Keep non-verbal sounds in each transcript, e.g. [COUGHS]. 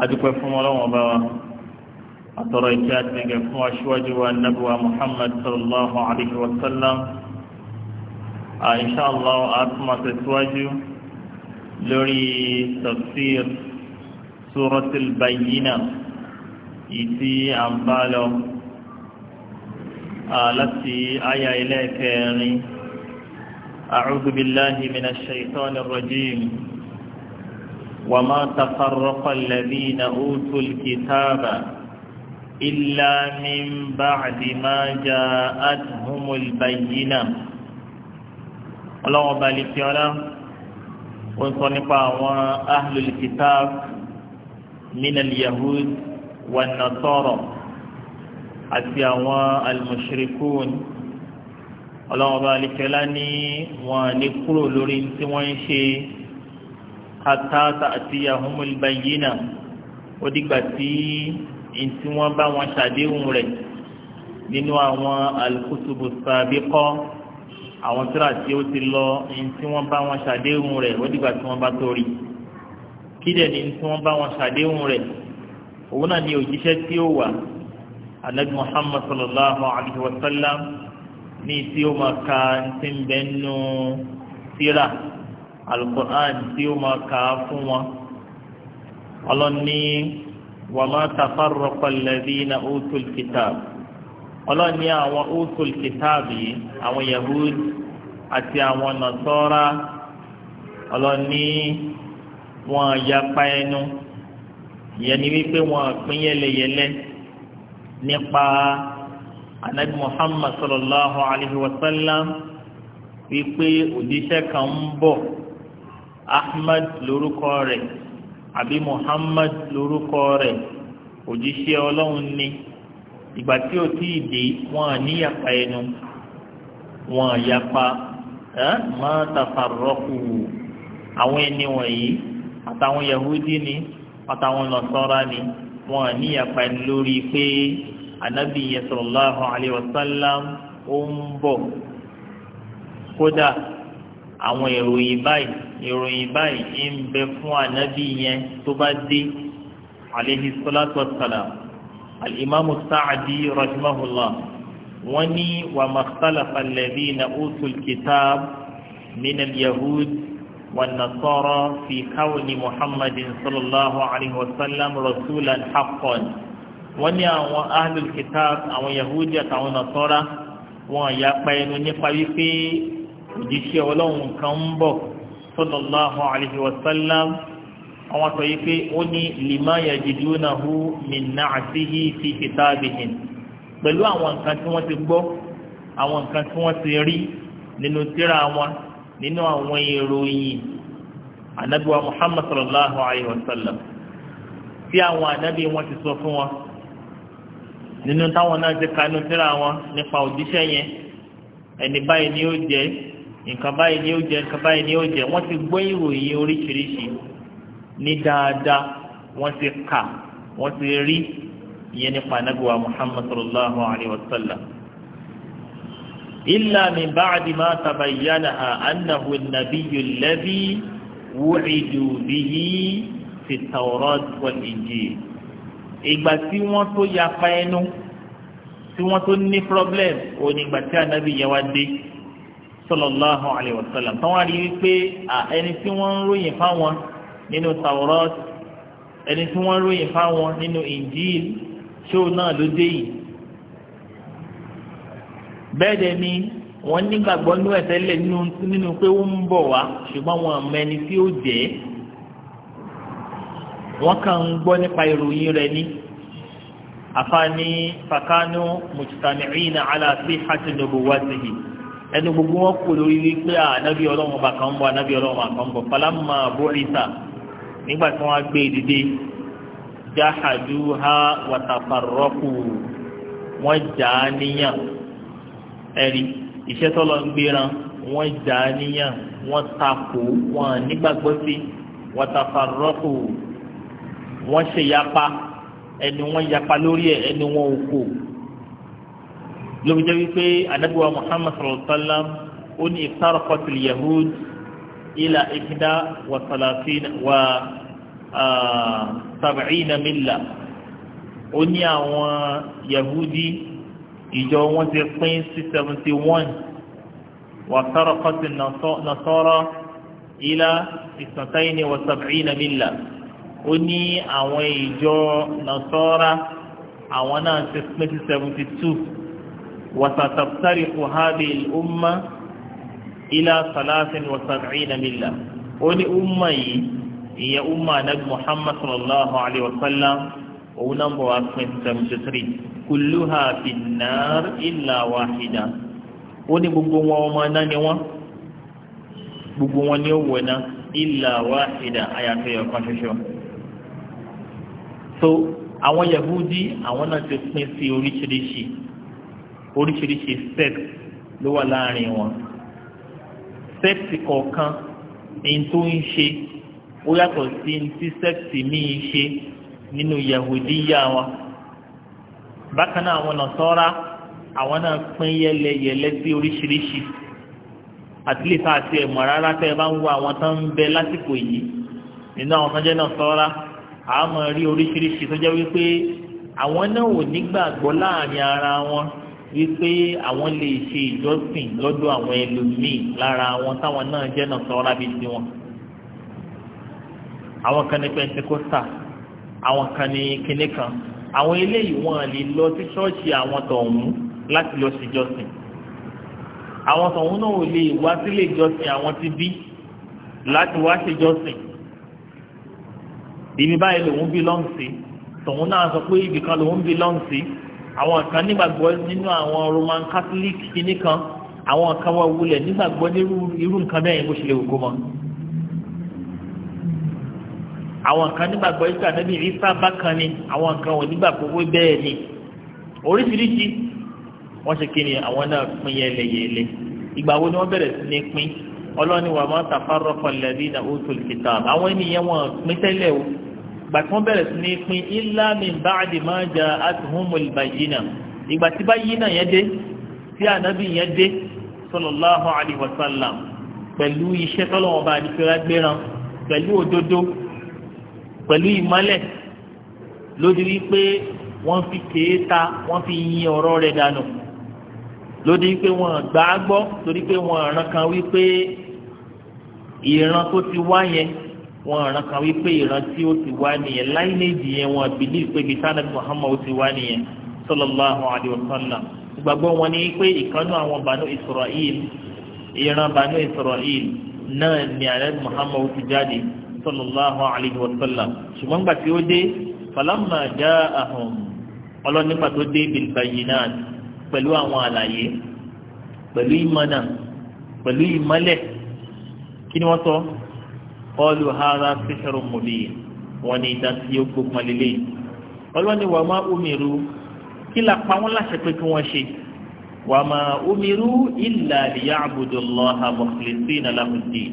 adúpẹ́ fún ọlọ́wọ́n bá wa àtọ̀rọ̀ ìkẹ́ àtẹ̀gẹ̀ fún aṣíwájú wa nàbíwá muhammad sallallahu alayhi wa sallam insha Allah àtúmọ̀ tẹ̀síwájú lórí tafsir suratul bayyina ìtì àǹbálọ láti àyà ilé kẹrin a'udhu billahi minash shaitanir rajim. وما تفرق الذين أوتوا الكتاب إلا من بعد ما جاءتهم البينة الله بارك لنا ونصنفا أهل الكتاب من اليهود والنصارى أتيا المشركون الله بارك لنا ونقول لرين سوى شيء hatta ta'tiyahumul bayyina ó dìgbà tí ntí wọ́n bá wọn ṣàdéhùn rẹ̀ nínú àwọn al-kutubu sabiqa àwọn tíra tí ó ti lọ ntí wọ́n bá wọn ṣàdéhùn rẹ̀ ó dìgbà tí wọ́n bá tó rí kí dẹ̀ ni ntí wọ́n bá wọn ṣàdéhùn rẹ̀ òun náà ni òjíṣẹ́ tí ó wà anabi muhammad sallallahu alaihi wa sallam ní tí ó máa ka ntí ń bẹ́ẹ̀ nù síra. القرآن يوم كافوا، máa وما تفرق الذين wọn الكتاب، wa ma tafarraqa alladhina utul kitab ọlọ́ni àwọn utul kitab yìí àwọn yahud àti àwọn nasọ́ra ọlọ́ni wọn yapa ẹnu ìyẹn ni wípé wọn pín yẹlẹyẹlẹ nípa anabi muhammad sallallahu alayhi wa sallam wípé òjíṣẹ́ kan ń bọ̀ ahmed lórúkọ rẹ̀ àbí muhammad lórúkọ rẹ̀ òjíṣẹ́ ọlọ́run ni ìgbà tí ó ti dé wọn níyapa ẹnu wọn yapa ẹ máa tafarọ́kù àwọn ẹni wọ̀nyí àtàwọn yahudi ni àtàwọn nọ̀sọ́ra ni wọn níyapa ẹnu lórí pé anabi yẹn sallallahu alayhi wa sallam ó ń bọ̀ kódà àwọn ìròyìn báyìí ìròyìn báyìí ń bẹ fún ànábì yẹn tó bá dé aleyhi salatu wa salam alimami sa'adi rahimahullah wọ́n ní wa makhtalafa alladhina utul kitab min al-yahud wa nasara fi kawni muhammadin sallallahu alayhi wa sallam rasulan haqqan wọ́n ní àwọn ahlul kitab àwọn yahudi àtàwọn nasara wọ́n yapa ẹnu nípa wípé òjíṣẹ́ ọlọ́run kan ń bọ̀ sallallahu alaihi wasallam àwọn sọ yìí pé ó ní lima yajidunahu min na'atihi fi kitabihim pẹ̀lú àwọn nǹkan tí wọ́n ti gbọ́ àwọn nǹkan tí wọ́n ti rí nínú tírà wọn nínú àwọn ìròyìn anabiwa muhammad sallallahu alaihi wasallam tí àwọn anabi wọn ti sọ fún wọn nínú táwọn náà ti kanú tírà wọn nípa òjíṣẹ́ yẹn ẹni báyìí ni ó jẹ́ nǹkan báyìí ni ó jẹ nǹkan báyìí ni ó jẹ wọ́n ti gbọ́ ìròyìn oríṣiríṣi ní dáadáa wọ́n ti kà wọ́n ti rí ìyẹn nípa anábìwá muhammad sallallahu alayhi wa sallam. illa min ba'di ma tabayyanaha annahu an-nabiyyu alladhi wu'idu bihi fi tawrat wal injil. ìgbà tí wọ́n tó yapa ẹnu tí wọ́n tó ní problem òní ìgbà tí anábì yẹn wá dé sallallahu alayhi wa sallam tó wọ́n rí wípé ẹni tí wọ́n ń ròyìn fáwọn nínú tawrat ẹni tí wọ́n ń ròyìn fáwọn nínú injil ṣó náà ló dé yìí bẹ́ẹ̀ dẹ̀ ni wọ́n nígbàgbọ́ nínú ẹ̀tẹ́lẹ̀ nínú pé ó ń bọ̀ wá ṣùgbọ́n wọn mọ ẹni tí ó jẹ́ wọ́n kàn ń gbọ́ nípa ìròyìn rẹ̀ ní afáàní fakanu mujtami'ina ala sihhati nubuwatihi ẹnu gbogbo wọn kò lórí wípé ànábì ọlọ́run ọba kan ń bọ̀ ànábì ọlọ́run ọba kan ń bọ̀ falamma bu'itha nígbà tí wọ́n á gbé dìde jahaduha wa tafarraqu wọ́n jà á níyàn ẹ̀rí iṣẹ́ tọ́lọ ń gbéra wọ́n jà á níyàn wọ́n takò wọ́n nígbàgbọ́ sí wa tafarraqu wọ́n ṣèyapa ẹnu wọn yapa lórí ẹ̀ ẹnu wọn ò kò ló fi jẹ́ wípé anabiwa muhammad sallallahu alayhi wa sallam ó ní iftaraqat al-yahud ila ihda wa salatin wa sab'ina milla ó ní àwọn yahudi ìjọ wọn ti pín sí seventy one wa iftaraqat an-nasara ila isnatayni wa sab'ina milla ó ní àwọn ìjọ nasara àwọn náà ti pín sí seventy two. وستفترق هذه الأمة إلى ثلاث وسبعين ملة ولي أمي هي أمة نبي محمد صلى الله عليه وسلم ونمبر 73 كلها في النار إلا واحدة ولي بقوة ومانا نوا بقوة نوونا إلا واحدة آيات يقاششون so àwọn Yahudi àwọn náà ti pín sí oríṣiríṣi oríṣiríṣi sect ló wà láàrin wọn sect kọ̀ọ̀kan ní tó ń ṣe ó yàtọ̀ sí ti sect míì ṣe nínú yahudiya wọn bákan náà àwọn nàṣọ́ra àwọn náà pín yẹlẹyẹlẹ sí oríṣiríṣi àtìlẹ́sà àti ẹ̀mọ́ rárá tẹ́ ẹ bá ń wo àwọn tó ń bẹ lásìkò yìí nínú àwọn tọ́jẹ́ náà sọ́ra àmọ́ rí oríṣiríṣi tó wípé àwọn náà ò nígbàgbọ́ láàrin ara wọn wípé àwọn lè ṣe ìjọsìn lọ́dọ̀ àwọn ẹlòmíì lára àwọn táwọn náà jẹ́ náà sọ ọ́rábí sí wọn. àwọn kan ní pẹntikọ́sà àwọn kan ní kinní kan àwọn eléyìí wọn lè lọ sí ṣọ́ọ̀ṣì àwọn tọ̀hún láti lọ sí ìjọsìn. àwọn tọ̀hún náà ò lè wá sílé ìjọsìn àwọn ti bí láti wá ṣe ìjọsìn. ìní báyìí lòun bí lọ́ǹsì tọ̀hún náà sọ pé ibìkan lòun bí lọ́ǹsì àwọn kan nígbàgbọ́ nínú àwọn roman catholic kìíní kan àwọn kan wọ́n wulẹ̀ nígbàgbọ́ nírú irú nǹkan bẹ́ẹ̀ bó ṣe lè wò kó mọ́ àwọn kan nígbàgbọ́ yìí kan níbi ìrísà bákan ni àwọn kan wọ́n nígbàgbọ́ wé bẹ́ẹ̀ ni oríṣiríṣi wọ́n ṣe kíni àwọn náà pín yẹlẹyẹlẹ ìgbà wo ni wọ́n bẹ̀rẹ̀ sí ní pín ọlọ́ni wàmọ́ tafarọ́fọ̀ lẹ́rìí na ó tó lè ta àwọn ènìyàn wọn pín tẹ́lẹ̀ o gbàtún bẹ̀rẹ̀ sí ní pín ilá min báàdì máa jà àtúhùnmùl bàyínà ìgbà tí báyínà yẹn dé tí ànábì yẹn dé sallallahu alaihi wasallam pẹ̀lú iṣẹ́ tọ́lọ́wọ́n bá àdìsẹ́ra gbéran pẹ̀lú òdodo pẹ̀lú ìmọ́lẹ̀ lódi wípé wọ́n fi kééta wọ́n fi yin ọ̀rọ̀ rẹ̀ dànù lódi wípé wọ́n gbàgbọ́ torí pé wọ́n ràn kan wípé ìran tó ti wá yẹn wọn ràn kan wípé ìrántí ó ti wá nìyẹn láìléèdì yẹn wọn bìlíì pé bíi sanad muhammad ó ti wá nìyẹn sallallahu alayhi wa sallam ìgbàgbọ́ wọn ni pé ìkànnú àwọn bànú israel ìran bànú israel náà ni alẹ́ muhammad ó ti jáde sallallahu alayhi wa ṣùgbọ́n gbà tí ó dé falamma ja'ahum ọlọ́nípa tó dé bil bayyinat pẹ̀lú àwọn àlàyé pẹ̀lú ìmọ̀nà pẹ̀lú ìmọ̀lẹ̀ kí ni wọ́n sọ kọlu hara sihiru mubi wọn ni ìdá tí ó gbogbo lélẹ ọlọ́ni wà má umiru kí la pa wọn láṣẹ pé kí wọ́n ṣe wà má umiru illa liya'budullaha mukhlisina lahud-din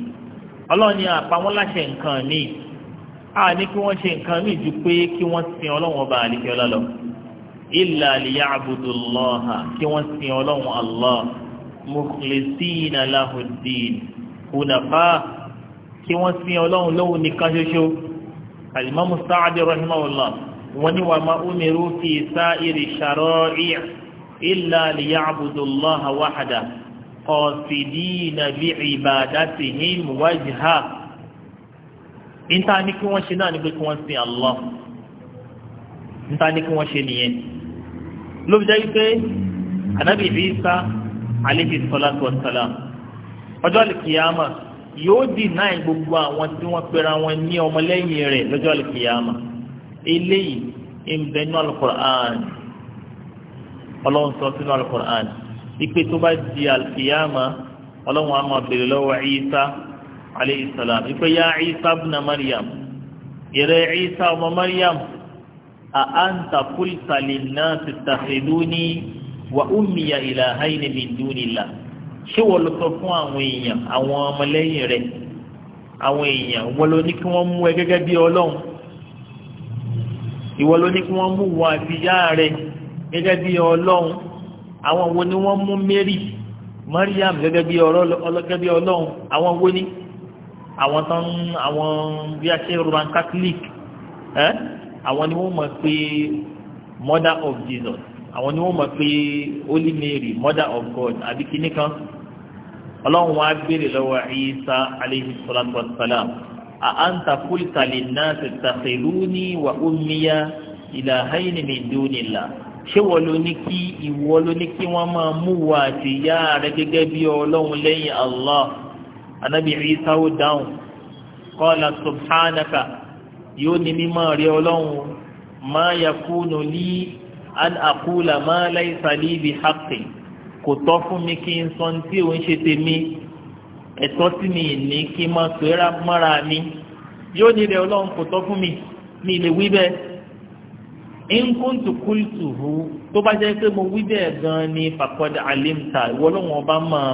ọlọ́ni àpá wọn láṣẹ nǹkan míì a ní kí wọ́n ṣe nǹkan míì ju pé kí wọ́n sin ọlọ́run ọba àlìkẹ́ ọlọ́lọ́ illa liya'budullaha kí wọ́n sin ọlọ́run Allah mukhlisina lahud-din kí wọ́n sin ọlọ́run lóhùn nìkan ṣoṣo alimami sáàdì rahimahullah wọ́n ní wà má umiru fi sáìrì ṣàrọ́ọ̀ì ilà liya'budullah wahada qasidina bi ibadatihim wajha níta ní kí wọ́n ṣe náà ní pé kí wọ́n sin Allah níta ní kí wọ́n ṣe nìyẹn ló fi jẹ́ pé anabi Isa alayhi salatu wassalam ọjọ́ àlùkìyàmà yóò dìnáì gbogbo àwọn tí wọ́n pera wọn ní ọmọlẹ́yìn rẹ̀ lọ́jọ́ àlùkìyàmà eléyìí ń bẹ nínú alukur'an ọlọ́run sọ sínú alukur'an ipe tó bá di àlùkìyàmà ọlọ́run á máa béèrè lọ́wọ́ Isa alayhi salam ipe ya Isa ibn Maryam ìrẹ́ Isa ọmọ Maryam a anta qulta lin-nasi ittakhiduni wa ummiya ilahayni min dunillah ṣé wọ́n lọ sọ fún àwọn èèyàn àwọn ọmọlẹ́yìn rẹ̀ àwọn èèyàn wọ́n ló ní kí wọ́n mú ẹ gẹ́gẹ́ bí ọlọ́run ìwọ ló ní kí wọ́n mú wọ àtìyá rẹ̀ gẹ́gẹ́ bí ọlọ́run àwọn wo ni wọ́n mú Mary Mariam gẹ́gẹ́ bí ọlọ́run àwọn wo ni àwọn tán àwọn bí a ṣe Roman Catholic ẹ àwọn ni wọ́n mọ̀ pé mother of Jesus àwọn ni wọ́n mọ̀ pé Holy Mary mother of God àbí kìnnìkan ọlọ́run wa béèrè lọ́wọ́ Isa aleyhi salatu wa salam a anta qulta linnasi takhiduni wa ummiya ilahayni min dunillah ṣé wọ́n ló ní kí ìwọ ló ní kí wọ́n máa mú wa àti ìyá rẹ gẹ́gẹ́ bí ọlọ́run lẹ́yìn Allah anabi Isa ó dáhùn qala subhanaka yóò ní mímọ́ rí ọlọ́run ma yakunu li an aqula ma laysa li bihaqqi kò tọ́ fún mi kí n sọ ní tí òun ṣe tèmi ẹ̀tọ́ tí mi ní kí n máa pèrà mọ́ra mi yóò nílẹ̀ ọlọ́run kò tọ́ fún mi mi lè wí bẹ́ẹ̀ nkúntù hù tó bá jẹ́ pé mo wí bẹ́ẹ̀ gan-an ni fàkọ́dà alimta ìwọ́lọ́wọ́n ọba mọ́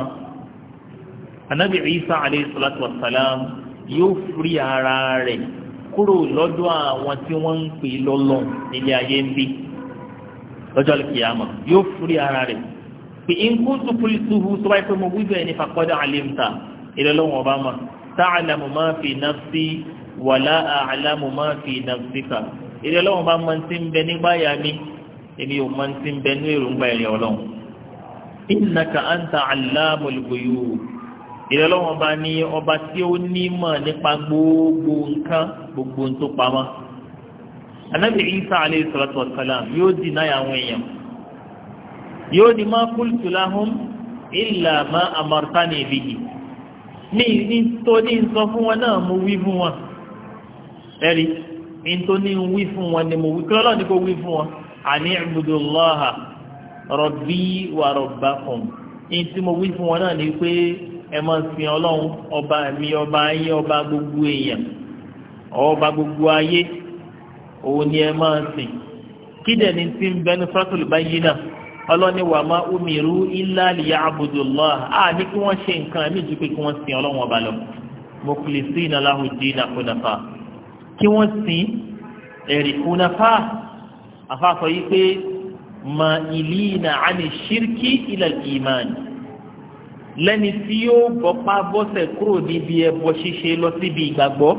anabi isa alayhi salatu wa salam yóò firi ara rẹ̀ kúrò lọ́dọ̀ àwọn tí wọ́n ń pè lọ́lọ́ nílé ayé ń bí lọ́jọ́ àlùkìyàmọ̀ yóò firi ara rẹ̀ pé nkúntù kultuhu tó báyìí pé mo wí bẹ́ẹ̀ ni faqad alimta ìrẹ́lọ́wọ̀n ọba ma ta'lamu ma fi nafsi wala a'lamu ma fi nafsika ìrẹ́lọ́wọ̀n ọba ma ti ń bẹ nígbà yà mí èmi ò ma ti ń bẹ ní èròǹgbà ẹ̀rẹ́ ọlọ́run innaka anta allamul ghuyub ìrẹ́lọ́wọ̀n bá ní ọba tí ó nímọ̀ nípa gbogbo nǹkan gbogbo tó pamọ́ anábì Isa alayhi salatu wa salam yóò dì náà àwọn yóò ní ma qultu lahum illa ma amartani bihi ní nítorí sọ fún wọn náà mo wí fún wọn ẹ̀rí nítorí wí fún wọn ni mo wí kí ọlọ́ọ̀ni kò wí fún wọn àní ibudullaha rabbi wa rabbakum ní tí mo wí fún wọn náà ni pé ẹ máa sin ọlọ́run ọba mi ọba ayé ọba gbogbo èèyàn ọba gbogbo ayé òun ni ẹ máa sìn kí dẹ̀ ni ti ń bẹnu Suratul Bayyinah náà ọlọ́ni wà má umiru illa liya'budullah á ní kí wọ́n ṣe nǹkan ẹ̀mí ju pé kí wọ́n sin ọlọ́run ọba lọ mukhlisina lahu ad-dina hunafa kí wọ́n sin ẹ̀rì hunafa àfàsọ yìí pé ma ìlína àni ṣírkì ila al lẹ́ni tí yóò bọ́pá bọ́sẹ̀ kúrò níbi ẹbọ ṣíṣe lọ síbi ìgbàgbọ́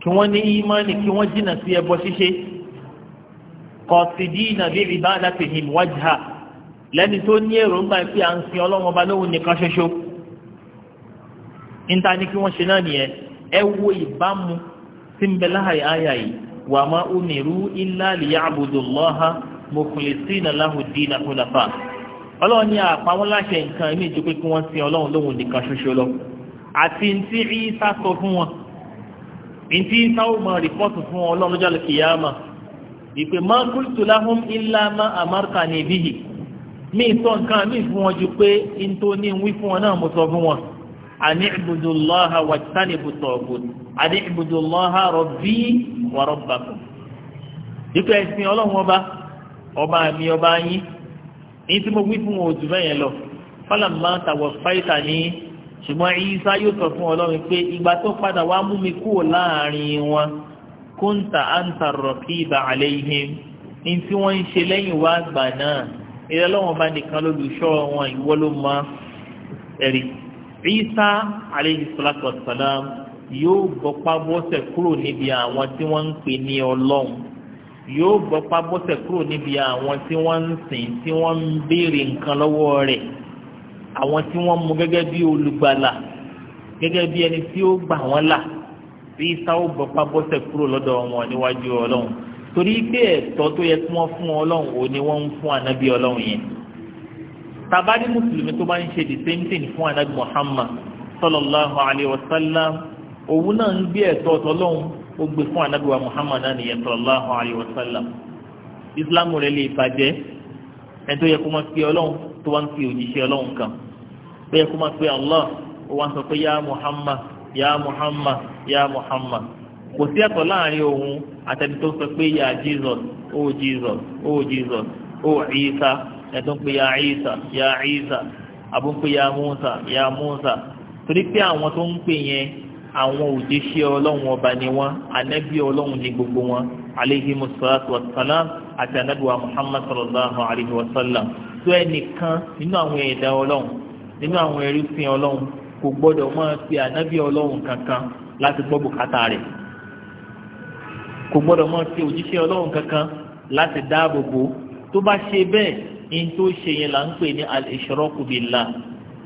kí wọ́n ní ìmánì kí wọ́n jìnnà sí ẹbọ ṣíṣe qasidina bi ibadatihim wajha lẹ́ni tó ní èròǹgbà pé à ń sin ọlọ́run ọba lóhun nìkan ṣoṣo níta ni kí wọ́n ṣe náà nìyẹn ẹ wo ìbámu tí ń bẹ láhàyè àyà yìí wa ma umiru illa liya'budullaha mukhlisina lahu dina ọlọ́run ní àpamọ́ láṣẹ nǹkan ní ìjọ kí wọ́n sin ọlọ́run lóhun nìkan ṣoṣo lọ àti ntí ìsá sọ fún wọn ntí ìsá ó mọ ìpè máa ń kúlùtù láhùn ilá máa àmárkà ní ibíyì mí sọ nǹkan mí fún wọn ju pé n tó ní wí fún wọn náà mo sọ fún wọn àní ìbùdókòlọ́ha wà tánì bùtọ̀ọ̀kù àní ìbùdókòlọ́ha rọ̀bí wà rọ̀bàkù. ìpè ẹ̀sìn ọlọ́run ọba ọba mi ọba yín èyí tí mo wí fún wọn ò jù bẹ́ẹ̀ yẹn lọ fọlọ́mọ fáìtà ní ṣùgbọ́n ìyíṣà yóò sọ fún ọlọ́run pé ìgbà tó padà wá mú mi kúrò láàrin wọn kúńtà àǹtà rọ̀kì ìbà àlẹ́yìn ní tí wọ́n ń ṣe lẹ́yìn wá àgbà náà ìrẹ́ lọ́wọ́n bá nìkan lólùṣọ́ wọn ìwọ ló mọ ẹ̀rí Isa alayhi salatu wassalam yóò gbọ́pá bọ́sẹ̀ kúrò níbi àwọn tí wọ́n ń pè ní ọlọ́run yóò gbọ́pá bọ́sẹ̀ kúrò níbi àwọn tí wọ́n ń sìn tí wọ́n ń béèrè nǹkan lọ́wọ́ rẹ̀ àwọn tí wọ́n mú gẹ́gẹ́ bí olùgbàlà gẹ́gẹ́ bí ẹni tí ó gbà wọ́n là tí sáwọ́ bọ̀pá bọ́sẹ̀ kúrò lọ́dọ̀ wọn níwájú ọlọ́run torí pé ẹ̀tọ́ tó yẹ kí wọ́n fún ọlọ́run ò ní wọ́n ń fún ànábì ọlọ́run yẹn tàbá mùsùlùmí tó bá ń ṣe the same thing fún ànábì Muhammad sallallahu alayhi wa sallam òun náà ń gbé ẹ̀tọ́ ọlọ́run ó gbé fún ànábì wa Muhammad náà nìyẹn sallallahu alayhi wa sallam Islam rẹ̀ lè bàjẹ́ ẹni tó yẹ kó máa pe ọlọ́run tó wá ń pe òjíṣẹ́ ọlọ́run kan tó yẹ kó máa pe Allah ó wá sọ pé yá Muhammad ya Muhammad ya Muhammad kò sí ẹ̀tọ́ láàrin òun àtẹni tó sọ pé ya Jesus o Jesus o Jesus o Isa ẹ̀tọ́ pé ya Isa ya Isa àbò pé ya Musa ya Musa torí pé àwọn tó ń pè yẹn àwọn òjíṣẹ́ ọlọ́run ọba ni wọ́n anẹ́bí ọlọ́run ni gbogbo wọn aleyhi musalatu wasalam àti anabiwa muhammad sallallahu alayhi wa sallam tó ẹnìkan nínú àwọn ẹ̀dá ọlọ́run nínú àwọn ẹrúfin ọlọ́run kò gbọ́dọ̀ máa pe ànábì ọlọ́run kankan láti gbọ́ bùkátà rẹ̀ kò gbọ́dọ̀ máa pe òjíṣẹ́ ọlọ́run kankan láti dáàbò bò tó bá ṣe bẹ́ẹ̀ ní tó ṣe yẹn là ń pè ní al-ishraku billah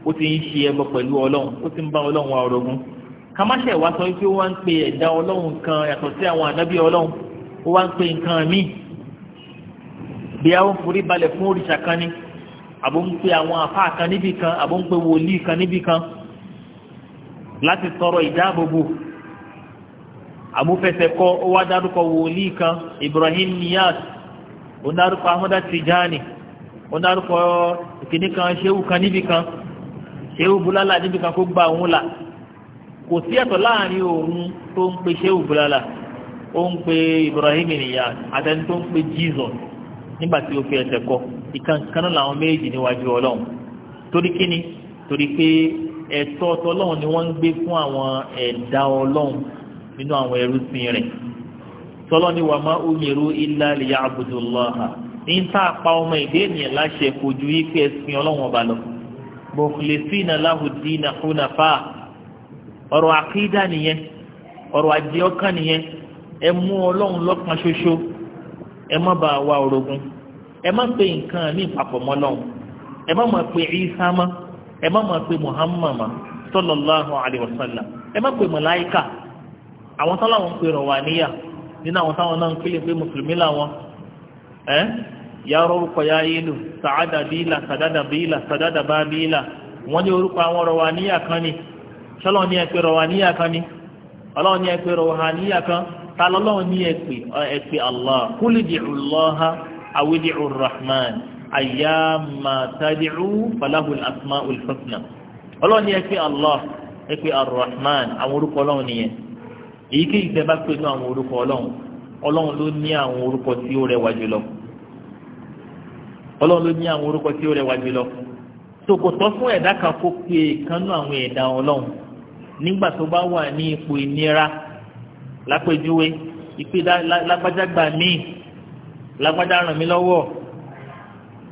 ó ti ń ṣe ẹbọ pẹ̀lú ọlọ́run ó ti ń bá ọlọ́run wa orogún ká má ṣe wá sọ wípé ó wá ń pe ẹ̀dá ọlọ́run kan yàtọ̀ sí àwọn ànábì ọlọ́run ó wá ń pe nǹkan míì bí a ó forí balẹ̀ fún òrìṣà kan ni àbó ń pe àwọn àfáà kan níbì kan àbó ń pe wòlíì kan níbì kan láti tọrọ ìdáàbòbò àmúfẹsẹ̀kọ ó wá dárúkọ wòlíì kan Ibrahim Niyas ó dárúkọ Ahmada Tijani ó dárúkọ ìkíní kan ṣéwù kan níbi kan ṣéwù Búlálà níbi kan kó gba òun là kò sí ẹ̀tọ́ láàrin òun tó ń pe ṣéwù bulala, ó ń pe Ibrahim Niyas àtẹni tó ń pe Jesus nígbà tí ó fi ẹsẹ̀ kọ ìkan kan náà làwọn méjì níwájú Ọlọ́run torí kíni torí pé ẹ̀tọ́ ọlọ́run ni wọ́n ń gbé fún àwọn ẹ̀dá ọlọ́run nínú àwọn ẹrúsìn rẹ̀ Tọlọ ni wà má umiru ila liya'budullaha ní tá a pa ọmọ ìdí ènìyàn láṣẹ kojú yí ẹsìn ọlọ́run ọba lọ mukhlisina lahu dina hunafa ọ̀rọ̀ àkídà nìyẹn ọ̀rọ̀ àdì ọkàn nìyẹn ẹ mú ọlọ́run lọ́kan ṣoṣo ẹ má bàa wá orogún ẹ má pe nǹkan ní ìpapọ̀ mọ́ lọ́run ẹ má mọ̀ pé ìsámá ẹ má máa pe Muhammad sallallahu alayhi wa sallam ẹ má pe màláíkà àwọn táwọn ń pe rọ̀wàníyà nínú àwọn táwọn náà ń pélé pé mùsùlùmí làwọn ẹ́ ya rọ́rùkọ ya ìlú sàádà bíìlà sàdádà bíìlà sàdádà bá bíìlà wọ́n ní orúkọ àwọn rọ̀wàníyà kan ni ṣọ́lọ́ ní ẹ̀pẹ́ rọ̀wàníyà kan ni ọlọ́run ní ẹ̀pẹ́ rọ̀wàníyà kan ta lọ́lọ́run ní ẹ̀pẹ́ Allah kúlìdì Allah awìdì Rahman ayyama tad'u falahu al-asma'ul husna ọlọ́run ni ẹ pé allah ẹ pé ar-rahman àwọn orúkọ ọlọ́run nìyẹn èyíkéyìí tẹ bá pè ní àwọn orúkọ ọlọ́run ọlọ́run ló ní àwọn orúkọ tí ó rẹwà jùlọ ọlọ́run ló ní àwọn orúkọ tí ó rẹwà jùlọ tó kò tọ́ fún ẹ̀dá kan kó pe ìkánú àwọn ẹ̀dá ọlọ́run nígbà tó bá wà ní ipò ìnira lápèjúwe ìpè lágbájá gbà mí lágbájá ràn mí lọ́wọ́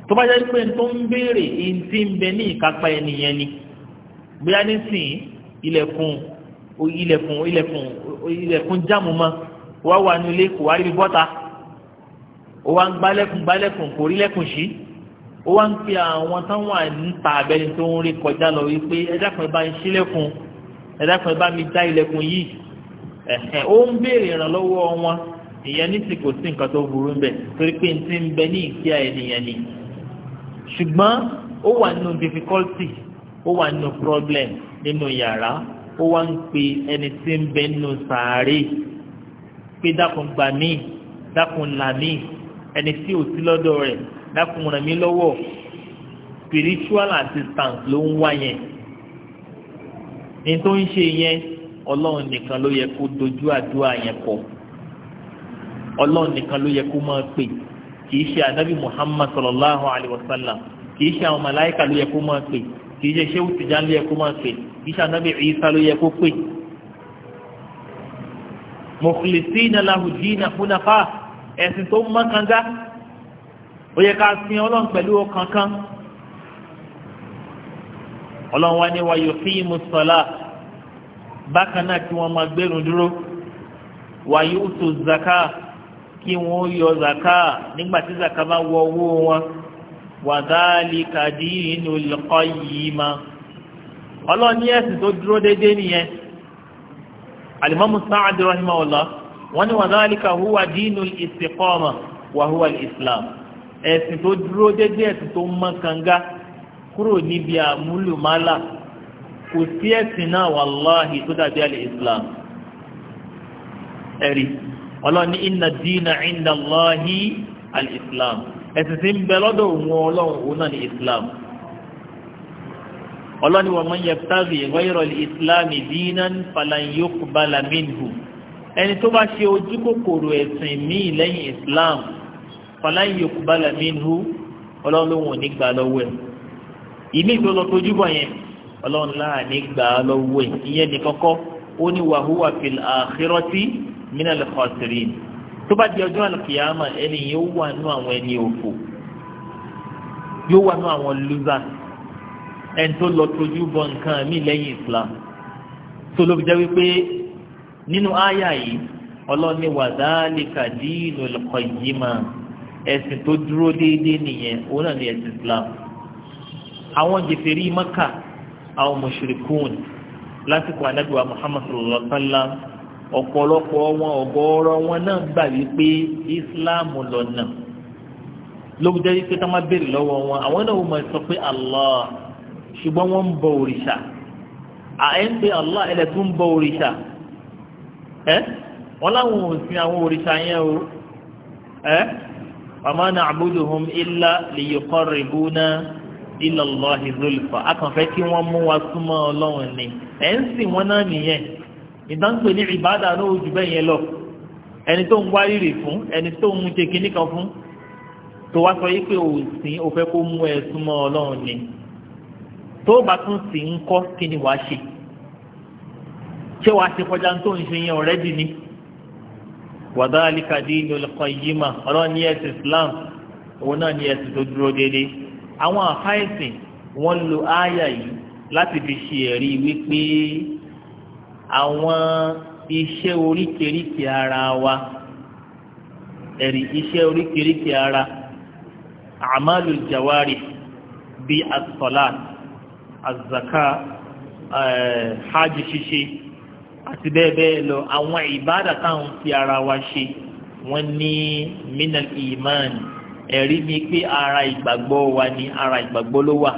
tó bá jẹ́ pé tó ń béèrè ìyìn tí ń bẹ ní ìkápá ẹnìyẹn ni bóyá nísìnyí ilẹ̀kùn ilẹ̀kùn ilẹ̀kùn ilẹ̀kùn jáàmù mọ́ wá wà ní ilé kò wá rí bọ́ta ó wá ń gbálẹ̀kùn gbálẹ̀kùn kò rí lẹ́kùn sí ó wá ń pe àwọn táwọn àìníta abẹ́ni tó ń rí kọjá lọ wípé ẹ̀dá kan bá ń sílẹ̀kùn ẹ̀dá kan bá mi já ilẹ̀kùn yìí ẹ̀hẹ̀ ó ń béèrè ìrànlọ́wọ́ wọn ìyẹn ní ti kò sí nǹkan tó burú ń bẹ̀ torí pé n ti ń bẹ ní ìkíyà ènìyàn nìyí ṣùgbọ́n ó wà nínú difficulty ó wà nínú problem nínú yàrá ó wá ń pe ẹni tí ń bẹ nínú sàárè pé dákun gbà mí dákun là mí ẹni tí ò sí lọ́dọ̀ rẹ̀ dákun ràn mí lọ́wọ́ spiritual assistance ló ń wá yẹn ní tó ń ṣe yẹn ọlọ́run nìkan ló yẹ kó dojú àdúrà yẹn pọ̀ ọlọ́run nìkan ló yẹ kó máa pè é kìí ṣe anabi muhammad sallallahu alayhi wa sallam kìí ṣe àwọn malaika ló yẹ kó máa pè kìí ṣe ṣéwù tìjà ló yẹ kó máa pè kìí ṣe anabi isa ló yẹ kó pè. mukhlisina lahu dina hunafa ẹ̀sìn tó mọ́ kanga ó yẹ ká sin ọlọ́run pẹ̀lú ọkàn ọlọ́run wa ni wa yuqimu salah bákan náà kí wọ́n máa gbẹ́rùn dúró wa yu'tu zakah kí wọ́n yọ zaka nígbà tí zaka bá wọ owó wọn wàdáàlì kàdí inú lọ́kọ́ yìí ma ọlọ́ni ẹ̀sìn tó dúró déédéé nìyẹn alimami Sa'ad rahimahullah wọ́n ní wàdáàlì ka huwa dínú istiqama wa huwa islam ẹ̀sìn tó dúró déédéé ẹ̀sìn tó mọ́ kanga kúrò níbi àmúlùmálà kò sí ẹ̀sìn náà wàláhì tó dàbí alẹ́ islam ẹ̀rí ọlọ́ni inna dina inda Allahi al-islam ẹ̀sìn tí ń bẹ lọ́dọ̀ òun ọlọ́run òun náà ní islam ọlọ́ni wa man yabtaghi ghayra al-islam dinan falan yuqbala minhu ẹni tó bá ṣe ojú kòkòrò ẹ̀sìn míì lẹ́yìn islam falan yuqbala minhu ọlọ́run lòun ò ní gbà lọ́wọ́ ẹ̀ ìmí ìgbọ́lọ́ tójú bọ̀ yẹn ọlọ́run láà ní gbà lọ́wọ́ ẹ̀ ìyẹn nìkọ́kọ́ ó ní wa huwa fil mina lè kọ́ sírì tó bá di ọjọ́ àlùkìyàmà ẹni yóò wà nù àwọn ẹni òfò yóò wà nù àwọn lùzà ẹni tó lọ tójú bọ nǹkan mi lẹ́yìn Islam tó ló fi jẹ́ wípé nínú àyà yìí ọlọ́ni wàdálìkà dínú al ẹ̀sìn tó dúró déédéé nìyẹn òun náà ní ẹ̀sìn Islam àwọn jẹfẹ̀rí Maka àwọn mushrikun lásìkò anábìwá Muhammad sallallahu alaihi wa sallam ọ̀pọ̀lọpọ̀ wọn ọ̀gọ́ọ̀rọ̀ wọn náà gbà wípé islam lọ́nà lóbi jẹ́ wípé táwọn béèrè lọ́wọ́ wọn àwọn náà wọ́n sọ pé allah ṣùgbọ́n wọ́n ń bọ òrìṣà àyẹ̀ ń pe allah ẹlẹ́ tó ń bọ òrìṣà ẹ́ wọ́n láwọn ò àwọn òrìṣà yẹn o ẹ́ ọmọ náà na'buduhum illa liyuqarribuna ila allahi zulfa a kàn fẹ́ kí wọ́n mú wa súnmọ́ ọlọ́run ni ẹ̀ ń sìn wọn náà nìyẹn ìdánpè ní ìbádà náà ojú bẹ́ẹ̀ yẹn lọ ẹni tó ń wárìrì fún ẹni tó ń mu jẹ́kí níkan fún tó wá sọ yìí pé òsìn ò fẹ́ kó mú ẹ súnmọ́ ọlọ́run ni tó bá tún sì ń kọ́ kí ni wàá ṣe ṣé wàá ṣe kọjá tó ń ṣe yẹn ọ̀rẹ́dì ni wadhalika dinul qayyima ọlọ́run ní ẹ̀sìn Islam òun náà ní ẹ̀sìn tó dúró déédéé àwọn àfáìsìn wọ́n lo ááyà yìí láti fi ṣe ẹ̀rí wípé àwọn iṣẹ́ oríkèéríkèé ara wa ẹ̀rí iṣẹ́ oríkèéríkèé ara àmàlù jawari bíi as-salat az-zaka eh, hajj ṣíṣe àti bẹ́ẹ̀ bẹ́ẹ̀ lọ àwọn ìbádà táwọn fi ara wa ṣe wọ́n ní minal iman ẹ̀rí ni pé ara ìgbàgbọ́ wa ni ara ìgbàgbọ́ ló wà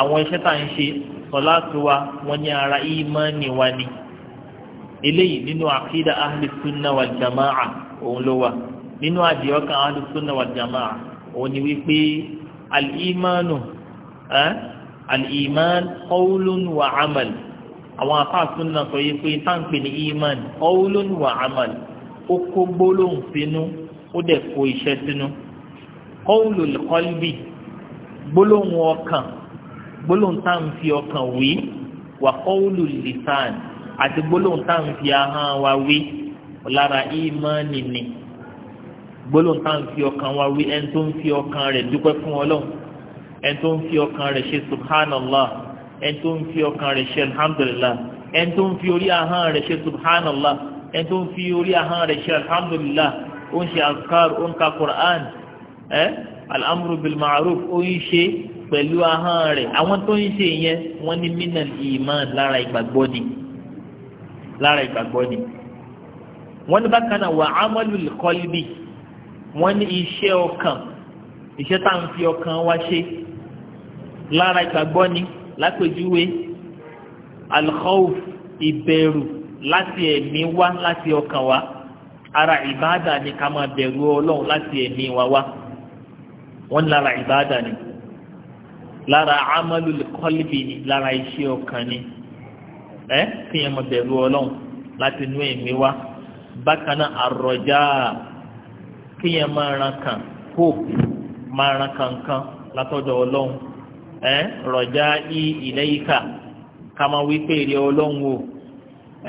àwọn iṣẹ́ tá à ń ṣe sọláàtù wa wọ́n ní ara ìmánì wa ni eléyìí nínú àkídà ahli sunna wal jama'a òun ló wà nínú àdìọ́kàn ahli sunna wal jama'a òun ni wípé al-imanu al-iman qawlun wa amal àwọn afáàsùn náà sọ yìí pé táǹpì ní iman qawlun wa amal ó kó gbólóhùn sínú ó dẹ̀ kó iṣẹ́ sínú qawlul qalbi gbólóhùn ọkàn gbólóhùn tá à ń fi ọkàn wí wà kọ́wùlù lìsàn àti gbólóhùn tá à ń fi ahọ́n wa wí lára ìmánì ni gbólóhùn tá à ń fi ọkàn wa wí ẹni tó ń fi ọkàn rẹ̀ dúpẹ́ fún ọlọ́run ẹni tó ń fi ọkàn rẹ̀ ṣe subhanallah ẹni tó ń fi ọkàn rẹ̀ ṣe alhamdulillah ẹni tó ń fi orí ahọ́n rẹ̀ ṣe subhanallah ẹni tó ń fi orí ahọ́n rẹ̀ ṣe alhamdulillah ó ń ṣe azkar ó ń ka qur'an ẹ́ al'amru ó ń ṣe pẹ̀lú ahọ́n rẹ̀ àwọn tó ń ṣe yẹn wọ́n ní mínà ìmán lára ìgbàgbọ́ ni lára ìgbàgbọ́ ni wọ́n ní bákan náà wà ámọ́lù kọ́líbì wọ́n ní iṣẹ́ ọkàn iṣẹ́ tá à ń fi ọkàn wá ṣe lára ìgbàgbọ́ ni lápèjúwe alkhawf ìbẹ̀rù láti ẹ̀mí wá láti ọkàn wá ara ìbáàdà ni ká máa bẹ̀rù ọlọ́run láti ẹ̀mí wa wá wọ́n ní lára ìbáàdà ni. lára amalu kọ́líbì ni lára iṣẹ ọkàn ni ẹ kéèyàn máa bẹ̀rù ọlọ́run láti inú ẹ̀mí wá bákan náà ran kan hope máa kankan látọ̀dọ̀ ọlọ́run ẹ rọ̀já í ilẹ̀ yìí kà ká máa wí pé èrè o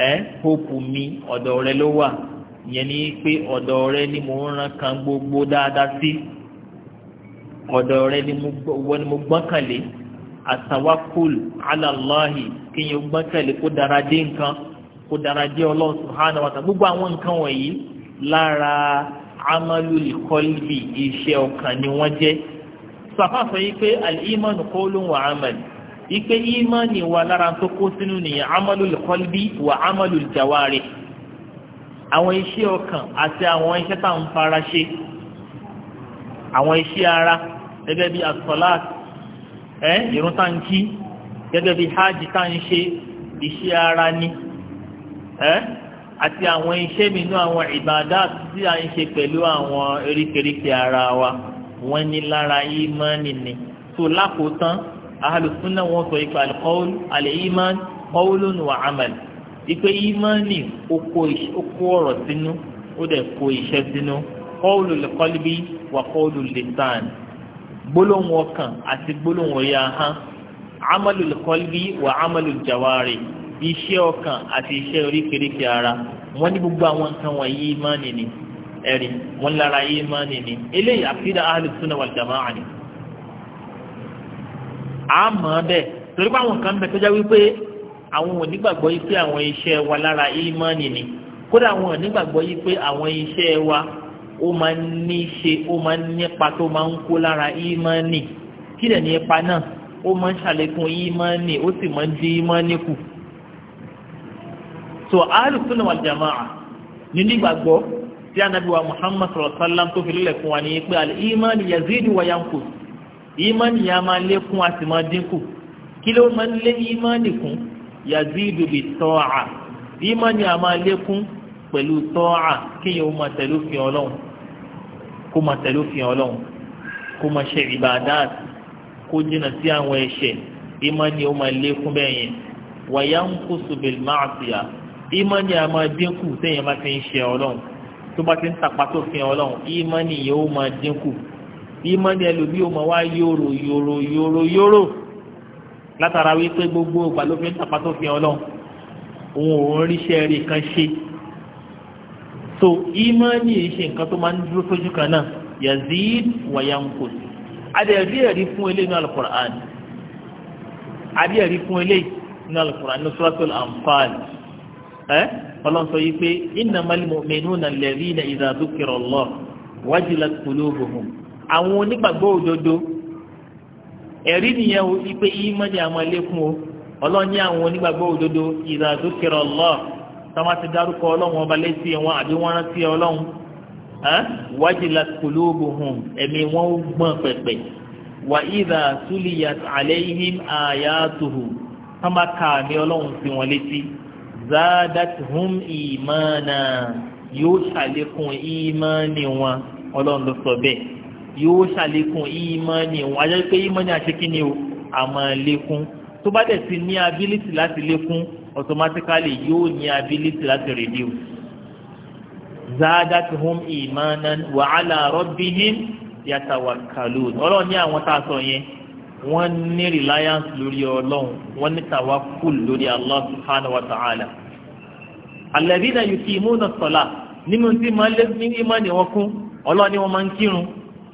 ẹ hope mi ọ̀dọ̀ rẹ ló wà ìyẹn ni ni ń kan gbogbo dáadáa Si ọ̀dọ̀ rẹ ni mo gbọ́kànlé àtàwákùl alàláhì kí yẹn gbọ́kànlé kó dára dé nǹkan kó dára dé ọlọ́run subhanahu wa ta'ala gbogbo àwọn nǹkan wọ̀nyí lára amalul qalbi iṣẹ́ ọkàn ni wọ́n jẹ́ sàfàfà yìí pé alìmánu qawlun wa amal yìí pé ìmánì wà lára tó kó sínú nìyẹn amalul qalbi wà amalul jawarih àwọn iṣẹ́ ọkàn àti àwọn iṣẹ́ táwọn fara ṣe àwọn iṣẹ́ ara gẹ́gẹ́ bí asọ́láàt ẹ́ ìrun tá ń kí gẹ́gẹ́ bí hajj tá ń ṣe iṣẹ́ ara ni ẹ́ àti àwọn iṣẹ́ mìíràn àwọn ìbàdá tí a ń ṣe pẹ̀lú àwọn eríkèríkè ara wa wọ́n ní lára ìmánì ni tó lákòótán ahàlùsúnà wọn sọ ipa alkọ́ọ̀lù alẹ́ ìmán kọ́ọ̀lù wà ámàlì ipe ìmánì ó kó ọ̀rọ̀ sínú ó dẹ̀ kó iṣẹ́ sínú kọ́ọ̀lù lẹ́kọ́líbí wà kọ́ọ̀lù lẹ́sàn gbólóhùn ọkàn àti gbólóhùn orí ahọ́n amalu lẹ́kọ́líbí wà amalu jawari iṣẹ́ ọkàn àti iṣẹ́ oríkèéríkèé ara wọ́n ní gbogbo àwọn nǹkan wọ̀nyí ìmánì ni ẹ̀rí wọ́n lára ìmánì ni eléyìí àfihàn ahlus sunna wal jamaa ni àmọ́ bẹ́ẹ̀ torí pé àwọn kan bẹ tó jẹ́ wípé àwọn onígbàgbọ́ yìí pé àwọn iṣẹ́ wa lára ìmánì ni kódà àwọn onígbàgbọ́ yìí pé àwọn iṣẹ́ wa ó máa ń ní ṣe ó máa ń nípa tó máa ń kó lára ìmánì kí lẹ̀ ní ipa náà ó máa ń ṣàlékún ìmánì ó sì máa ń dín ìmánì kù so alùsùnà wà jàmáà nínú ìgbàgbọ́ tí anabi muhammad sallallahu alaihi sallam tó fi lélẹ̀ fún wa ní pé àlè ìmánì yazidu wa yanku ìmánì yà máa lékún a sì máa dín kù kí ló máa ń lé ìmánì kún yazidu bi tọ́ọ̀à ìmánì yà máa lékún pẹ̀lú tọ́ọ̀à kéèyàn ó máa tẹ̀lé òfin ọlọ́run kó máa tẹ̀lé òfin ọlọ́run kó máa ṣe ìbàdàn kó jìnnà sí àwọn ẹ̀ṣẹ̀ ìmánì ó máa lékún bẹ́ẹ̀ yẹn wàyà ń kó sobèlì máa tìyà ìmánì a máa dínkù téèyàn bá ti ń ṣe ọlọ́run tó bá ti ń tàpá tó fi ọlọ́run ìmánì yẹn ó máa dínkù ìmánì ẹlòmíì ó máa wá yóró yóró yóró yóró látara wípé gbogbo ìgbà ló fi ń tàpá tó fi ọlọ́run òun ò ń ríṣẹ́ rí kan ṣe so ìmánì ṣe nǹkan tó máa ń dúró sójú kan náà yazid wa yanqus adẹ̀rí ẹ̀rí fún eléyìí ní alukur'an adẹ̀rí ẹ̀rí fún eléyìí ní alukur'an ní suratul anfal ẹ́ ọlọ́run sọ yìí pé innamal mu'minuna alladhina idha dhukira Allah wajilat qulubuhum àwọn onígbàgbọ́ òdodo ẹ̀rí nìyẹn o ipe ìmánì àmọ́ lékún o ọlọ́run àwọn onígbàgbọ́ òdodo idha dhukira Allah táwọn ti dárúkọ ọlọ́run ọba létí wọn àbí wọ́n rántí ọlọ́run wajilat qulubuhum ẹ̀mí wọn ó gbọ̀n pẹ̀pẹ̀ wa idha tuliyat alayhim ayatuhu táwọn ká àmì ọlọ́run sí wọn létí zaadathum imana yóò ṣàlékún ìmánì wọn ọlọ́run ló sọ bẹ́ẹ̀ yóò ṣàlékún ìmánì wọn ajẹ́ pé ìmánì àṣekínni o àmọ́ lékún tó bá dẹ̀ ti ní ability láti lékún automatically yóò ní ability láti reduce zaadatuhum imanan wa ala rabbihim yatawakkalun ọlọ́run ní àwọn tá a sọ yẹn wọ́n ní reliance lórí ọlọ́run wọ́n ní tawakkul lórí allah subhanahu wa ta'ala alladhina yuqimuna as-salah nínú tí máa lé ní ìmánì wọn kún ọlọ́run ní wọ́n máa ń kírun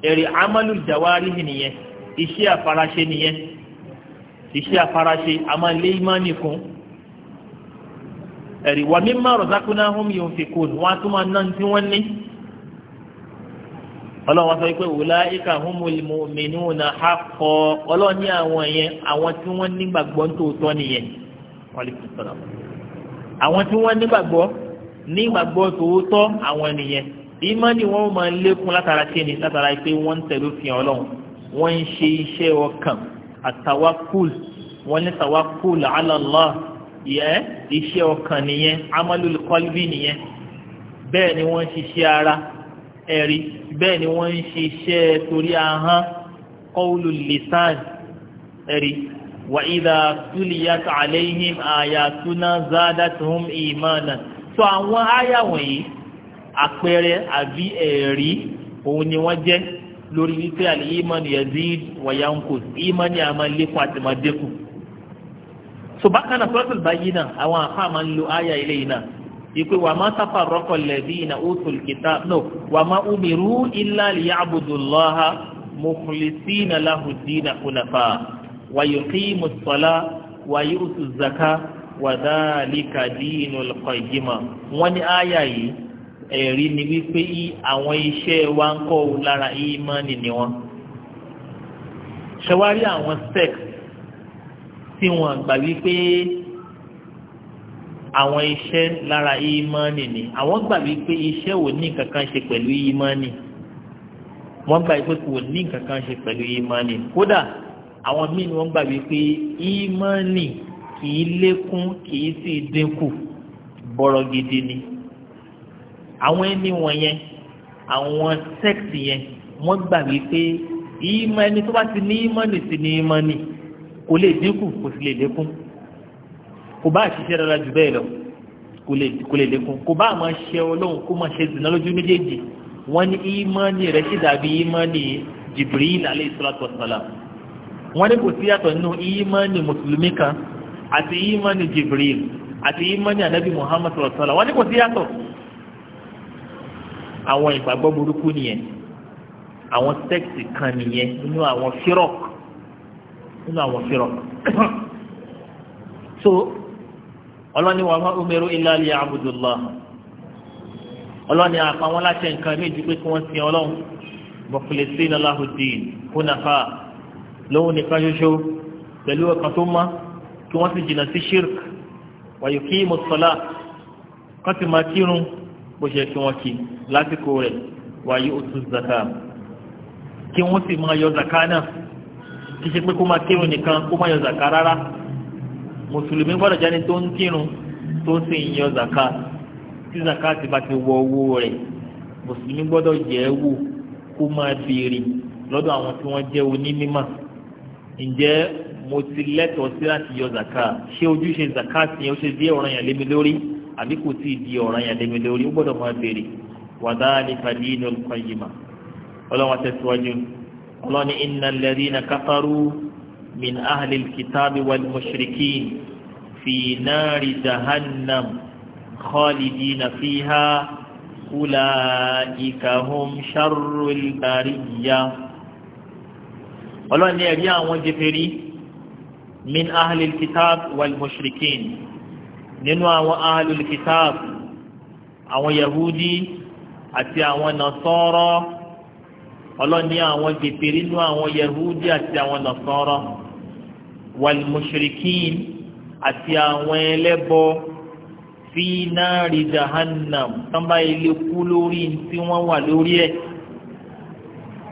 èrè amalu jawarihi nìyẹn iṣẹ́ àfaraṣe nìyẹn iṣẹ́ àfaraṣe a máa lé ìmánì kún ẹ̀rí wà mimma razaqnahum yunfiqun wọn tún máa ná tí wọ́n ní. ọlọ́wọ́n sọ pé ulaika humul mu'minuna haqqan ọlọ́ọ̀ni àwọn yẹn àwọn tí wọ́n nígbàgbọ́ ń tòótọ́ nìyẹn àwọn tí wọ́n nígbàgbọ́ nígbàgbọ́ tòótọ́ àwọn nìyẹn ìmánì wọn máa ń lékún látara kíni látara pé wọ́n ń tẹ̀lé òfin ọlọ́run wọ́n ń ṣe iṣẹ́ ọkàn àtàwákùl wọ́n ní tàwákùl ala yẹ iṣẹ́ ọkàn nìyẹn amalul qalbi nìyẹn bẹ́ẹ̀ ni wọ́n ń ṣiṣẹ́ ara ẹ̀rí bẹ́ẹ̀ ni wọ́n ń ṣiṣẹ́ torí ahọ́n qawlul lisan ẹ̀rí wa idha tuliyat alayhim ayatuna zadatuhum imana tó àwọn àyà wọ̀nyí àpẹẹrẹ àbí ẹ̀rí òun ni wọ́n jẹ́ lórí wípé al-iman yazid wa yanqus ìmọ̀ máa lékún àti máa so bákan náà suratul Bayyinah àwọn àfa máa ń lo àyà ilé yìí náà ìpè wà má tafarraqa alladhina utul kitab no wà má umiru illa liya'budullaha mukhlisina lahu ddina hunafa wa yuqimu s-salata wa yu'tu z-zakata wa dhalika dinul qayyimah wọ́n ní àyà yìí ẹ̀rí ni wípé àwọn iṣẹ́ wa ń kọ́ lára ìmánì ni wọ́n ṣẹwárí àwọn sect tí wọ́n gbà wípé àwọn iṣẹ́ lára ìmánì ni àwọn gbà wípé iṣẹ́ ò ní kankan ṣe pẹ̀lú ìmánì wọ́n gbà wípé kò ní kankan ṣe pẹ̀lú ìmánì kódà àwọn míì ni wọ́n gbà wípé ìmánì kì lékún kì sì dínkù bọ́rọ̀ gidi ni àwọn ẹni wọ̀nyẹn àwọn sẹ́ẹ̀tì yẹn wọ́n gbà wípé ìmánì tó bá ti ní ìmánì sí ní ìmánì kò lè dínkù kò sì lè lékún kò bá àṣìṣe rárá jù bẹ́ẹ̀ lọ kò lè lékún kò bá àmọ́ ṣe ọlọ́run kó máa ṣe zìnà lójú méjèèjì wọ́n ní ìmánì rẹ̀ sì dàbí ìmánì Jibril alayhi salatu wassalam wọ́n ní kò sí yàtọ̀ nínú ìmánì mùsùlùmí kan àti ìmánì Jibril àti ìmánì anabi Muhammad sallallahu alaihi wasallam wọ́n ní kò sí yàtọ̀ àwọn ìgbàgbọ́ burúkú nìyẹn àwọn sẹ́ẹ̀sì kan nínú àwọn fírọ̀ [COUGHS] so ọlọ́ni wa ma umeru illa liya'budullah ọlọ́ni àpá wọn láti nǹkan méjì pé kí wọ́n sin ọlọ́run mukhlisina lahu ddin hunafa lóhun nìkan ṣoṣo pẹ̀lú ọkàn tó mọ́ kí wọ́n sì jìnnà sí shirk wa yuqimus salat kan ti máa kírun bó ṣe kí wọ́n kí lásìkò rẹ̀ wa yu'tuz zakat kí wọ́n sì máa yọ zakat náà kì í ṣe pé kó máa kírun nìkan kó máa yọ zàká rárá mùsùlùmí gbọ́dọ̀ jáde tó ń kírun tó ń sì ń yọ zàká tí zàká ti bá ti wọ owó rẹ̀ mùsùlùmí gbọ́dọ̀ jẹ́ wò kó máa béèrè lọ́dọ̀ àwọn tí wọ́n jẹ́ onímọ̀ ǹjẹ́ mo ti lẹ́tọ̀ọ́ sí láti yọ zàká ṣé ojúṣe zàká ti yẹn ṣe di ọ̀ràn yàn lé mi lórí àbí kò tí ì di ọ̀ràn yàn lé mi lórí ó gbọ́dọ̀ máa béèrè wàdá nípa ní inú ọlọ́wọ́n tẹ̀síwájú ọlọ́ni iná lẹ́rí na káfàrú min ahlil kitabi wal mushrikin fi náàrí jahannam kọ́lìdì na fi ha kúlà ìkàhùn sharrul bariya ọlọ́ni ẹ̀rí àwọn jẹfẹ́rí min ahlil kitab wal mushrikin nínú àwọn ahlil kitab àwọn yahudi àti àwọn nasọ́rọ́ ọlọ́ni àwọn gbèpèrè nínú àwọn yahudi àti àwọn nasara wal mushrikin àti àwọn ẹlẹ́bọ fi náàrí jahannam tánbá ilé kú lórí tí wọ́n wà lórí ẹ̀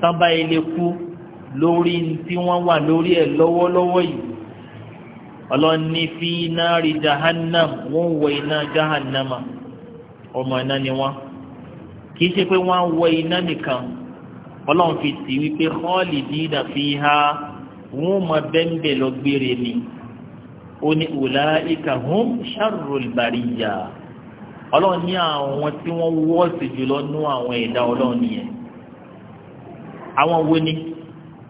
tánbá ilé kú lórí tí wọ́n wà lórí ẹ̀ lọ́wọ́lọ́wọ́ yìí ọlọ́ni fi náàrí jahannam wọ́n wọ iná jahannama ọmọ iná ni wọ́n kì í ṣe pé wọ́n wọ iná nìkan ọlọ́run fi tì wípé họ́ọ̀lì dídà fi ha wọ́n mọ bẹ́ńbẹ́ lọ gbére ni ó ní ulaika hum sharrul bariyya ọlọ́run ní àwọn tí wọ́n wọ́ọ̀sì jùlọ nú àwọn ẹ̀dá ọlọ́run nìyẹn àwọn wo ni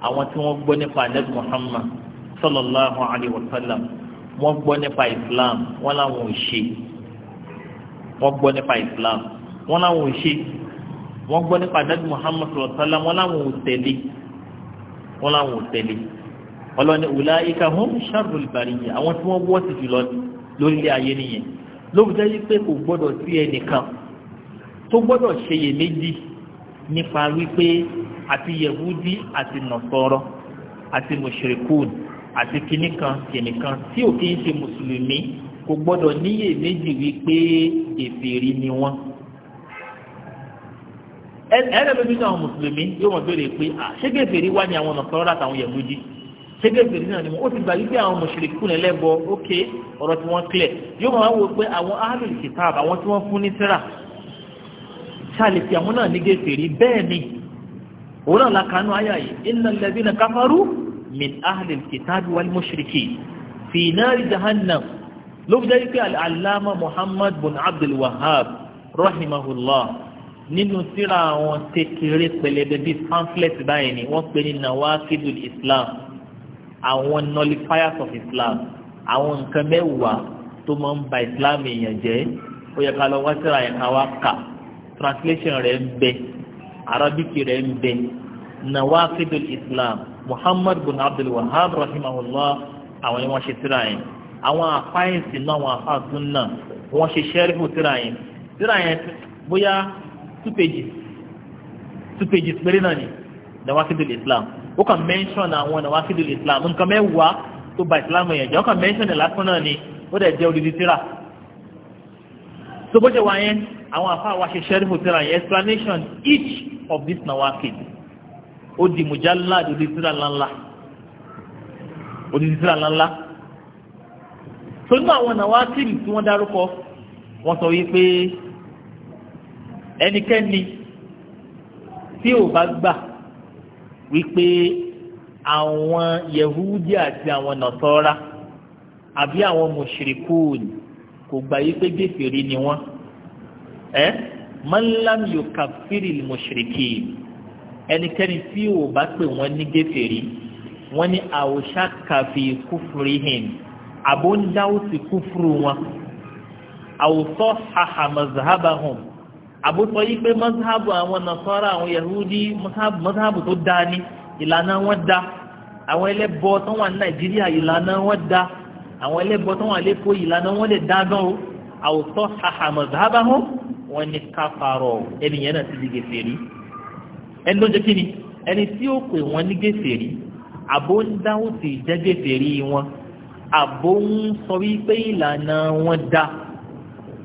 àwọn tí wọ́n gbọ́ nípa anabi muhammad sallallahu alayhi wa sallam wọ́n gbọ́ nípa islam wọ́n làwọn ò ṣe wọ́n gbọ́ nípa islam wọ́n làwọn ò ṣe wọ́n gbọ́ nípa ànábì Muhammad sallallahu alaihi wasallam wọn làwọn ò tẹ̀lé wọn làwọn ò tẹ̀lé ọlọ́ni ulaika hum sharrul bariyya àwọn tí wọ́n wọ́ sí jùlọ lórílẹ̀ ayé nìyẹn lóbi jẹ́ pé kò gbọ́dọ̀ sí ẹnìkan tó gbọ́dọ̀ ṣeyèméjì nípa wípé àti yẹ̀wúdí àti nọ̀sọ̀rọ̀ àti mùṣírikùn àti kìnìkan kìnìkan tí ò ń ṣe mùsùlùmí kò gbọ́dọ̀ níyèméjì wípé èfèrí ni wọ́n ẹlẹ́bẹ̀ẹ́ bí àwọn mùsùlùmí yóò mọ̀ bẹ̀rẹ̀ pé ṣégefèrè wá ní àwọn ọ̀nà sọ̀rọ̀ àtàwọn yẹ̀mójì ṣégefèrè náà ni mo ó ti gbà wípé àwọn mùṣírikùn ẹlẹ́bọ ókè ọ̀rọ̀ tí wọ́n clear yóò mọ̀ wọ́n pé àwọn ahlul kitab àwọn tí wọ́n fún ní sẹ́rà ṣàlẹ̀ tí àwọn náà ní bẹ́ẹ̀ ni òun náà lakanú àyà yìí innal ladhina nínú síra àwọn kékeré pẹlẹbẹ bíi pamphlet báyìí ni wọ́n pè ní nawakidul islam àwọn nullifiers of islam àwọn nǹkan mẹ́wàá tó máa ń ba islam èèyàn jẹ́ ó yẹ ká lọ wá síra yẹn ká wá kà translation rẹ̀ ń bẹ arabic rẹ̀ ń bẹ nawakidul islam muhammad bin abdul wahab rahimahullah àwọn ni wọ́n ṣe síra yẹn àwọn àfáìsì náà àwọn àfáàsùn náà wọ́n ṣe ṣẹ́rífù síra yẹn síra yẹn bóyá two pages two pages péré náà ni nawakidul islam ó kàn mention àwọn nawakidul islam nǹkan mẹ́wàá tó ba islam yẹn jẹ́ ó kàn mention ẹ̀ lásán náà ni ó dẹ̀ jẹ́ odidi tírà tó bó ṣe wá yẹn àwọn afa wa ṣe ṣẹ́rífù tírà yẹn explanation each of this nawakid ó di mujalla odidi tírà ńláńlá odidi tírà ńláńlá tó nínú àwọn nawakid tí wọ́n dárúkọ wọ́n sọ wípé ẹnikẹ́ni tí ò bá gbà wípé àwọn yehudi àti àwọn nọ̀tọ́ra àbí àwọn mushrikun kò gbà yí pé gbèsèrè ni wọ́n ẹ́ mọ́nlám yóò kàfírì mushriki ẹnikẹ́ni tí ò bá pè wọ́n ní gbèsèrè wọ́n ní àwòṣà kàfí kúfùrìhìn àbóńdáwó ti kúfùrù wọn àwòsọ hahamazhabahum àbútọ́ yí pé mọ́sáàbù àwọn nàṣọ́rà àwọn yahudi mọ́sáàbù tó dáa ni ìlànà wọn da àwọn ẹlẹ́bọ tó wà ní nàìjíríà ìlànà wọn da àwọn ẹlẹ́bọ tó wà lẹ́kọ̀ọ́ ìlànà wọn lè dá gan o àwòtọ́ àhàmọ̀sáàbà hàn wọn ni káfàrọ̀ ẹnìyẹn náà ti di gèfèrí ẹni tó jẹ́ kí ni ẹni tí ó pè wọ́n ní gèfèrí àbó ń dáhùn sí jẹ́ gèfèrí wọn àbó ń sọ wípé ìlànà wọn da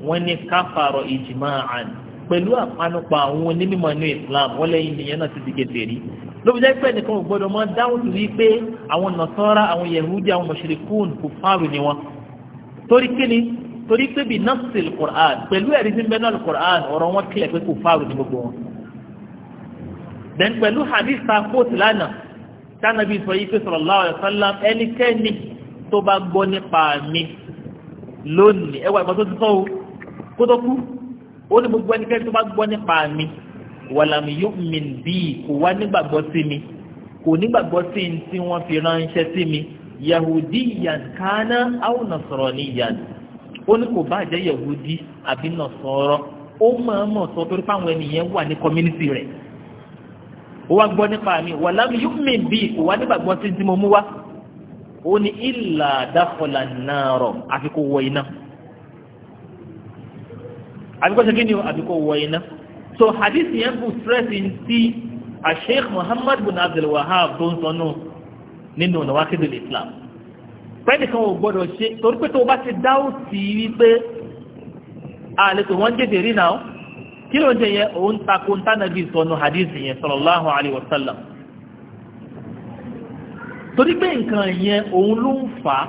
wọn ni káfàrọ̀ ìjìmọ̀ àná pẹ̀lú àpanupọ̀ àwọn onímọ̀ inú Islam wọ́n lẹ́yìn nìyẹn náà ti di kèfèrí ló fi jẹ́ pé nìkan ò gbọ́dọ̀ máa dáhùn sí wípé àwọn Nasara àwọn Yahudi àwọn Mushrikun kuffaru ni wọn torí kíni torí pé bí nafsil Qur'an pẹ̀lú ẹ̀rí sí mẹ́nu al-Qur'an ọ̀rọ̀ wọn kílẹ̀ pé kuffaru ni gbogbo wọn. then pẹ̀lú hadith ta ó ní gbogbo ẹnikẹ́ni tó bá gbọ́ nípa mi wàlàmì yóò mìn bíi kò wá nígbàgbọ́ sí mi kò nígbàgbọ́ sí ní tí wọ́n fi ránṣẹ́ sí mi yahudi yan kánà àwọn nàṣọ̀rọ̀ ní yan ó ní kò bá jẹ́ yahudi àbí nàṣọ̀rọ̀ ó máa mọ̀ sọ torí pé àwọn ènìyàn wà ní community rẹ̀ ó wá gbọ́ nípa mi wàlàmì yóò mìn bíi kò wá nígbàgbọ́ sí ní tí mo mú wá ó ní ìlà dákọ̀lá náà rọ̀ àfi wọ iná àbíkọ́ ṣe kí ni àbíkọ́ wọ iná so hadith yẹn kù stress sí asheikh muhammad bin abdul wahab tó ń sọnù nínú nawaqidul islam pẹ́ẹ́nì kan ò gbọ́dọ̀ ṣe torí pé tó o bá ti dáhùn sí i wípé àlètò wọn jẹ́ tèrí náà kí ló ń jẹ yẹ òun takò ntánàbí sọnù hadith yẹn sallallahu alayhi wa sallam torí pé nǹkan yẹn òun ló ń fà á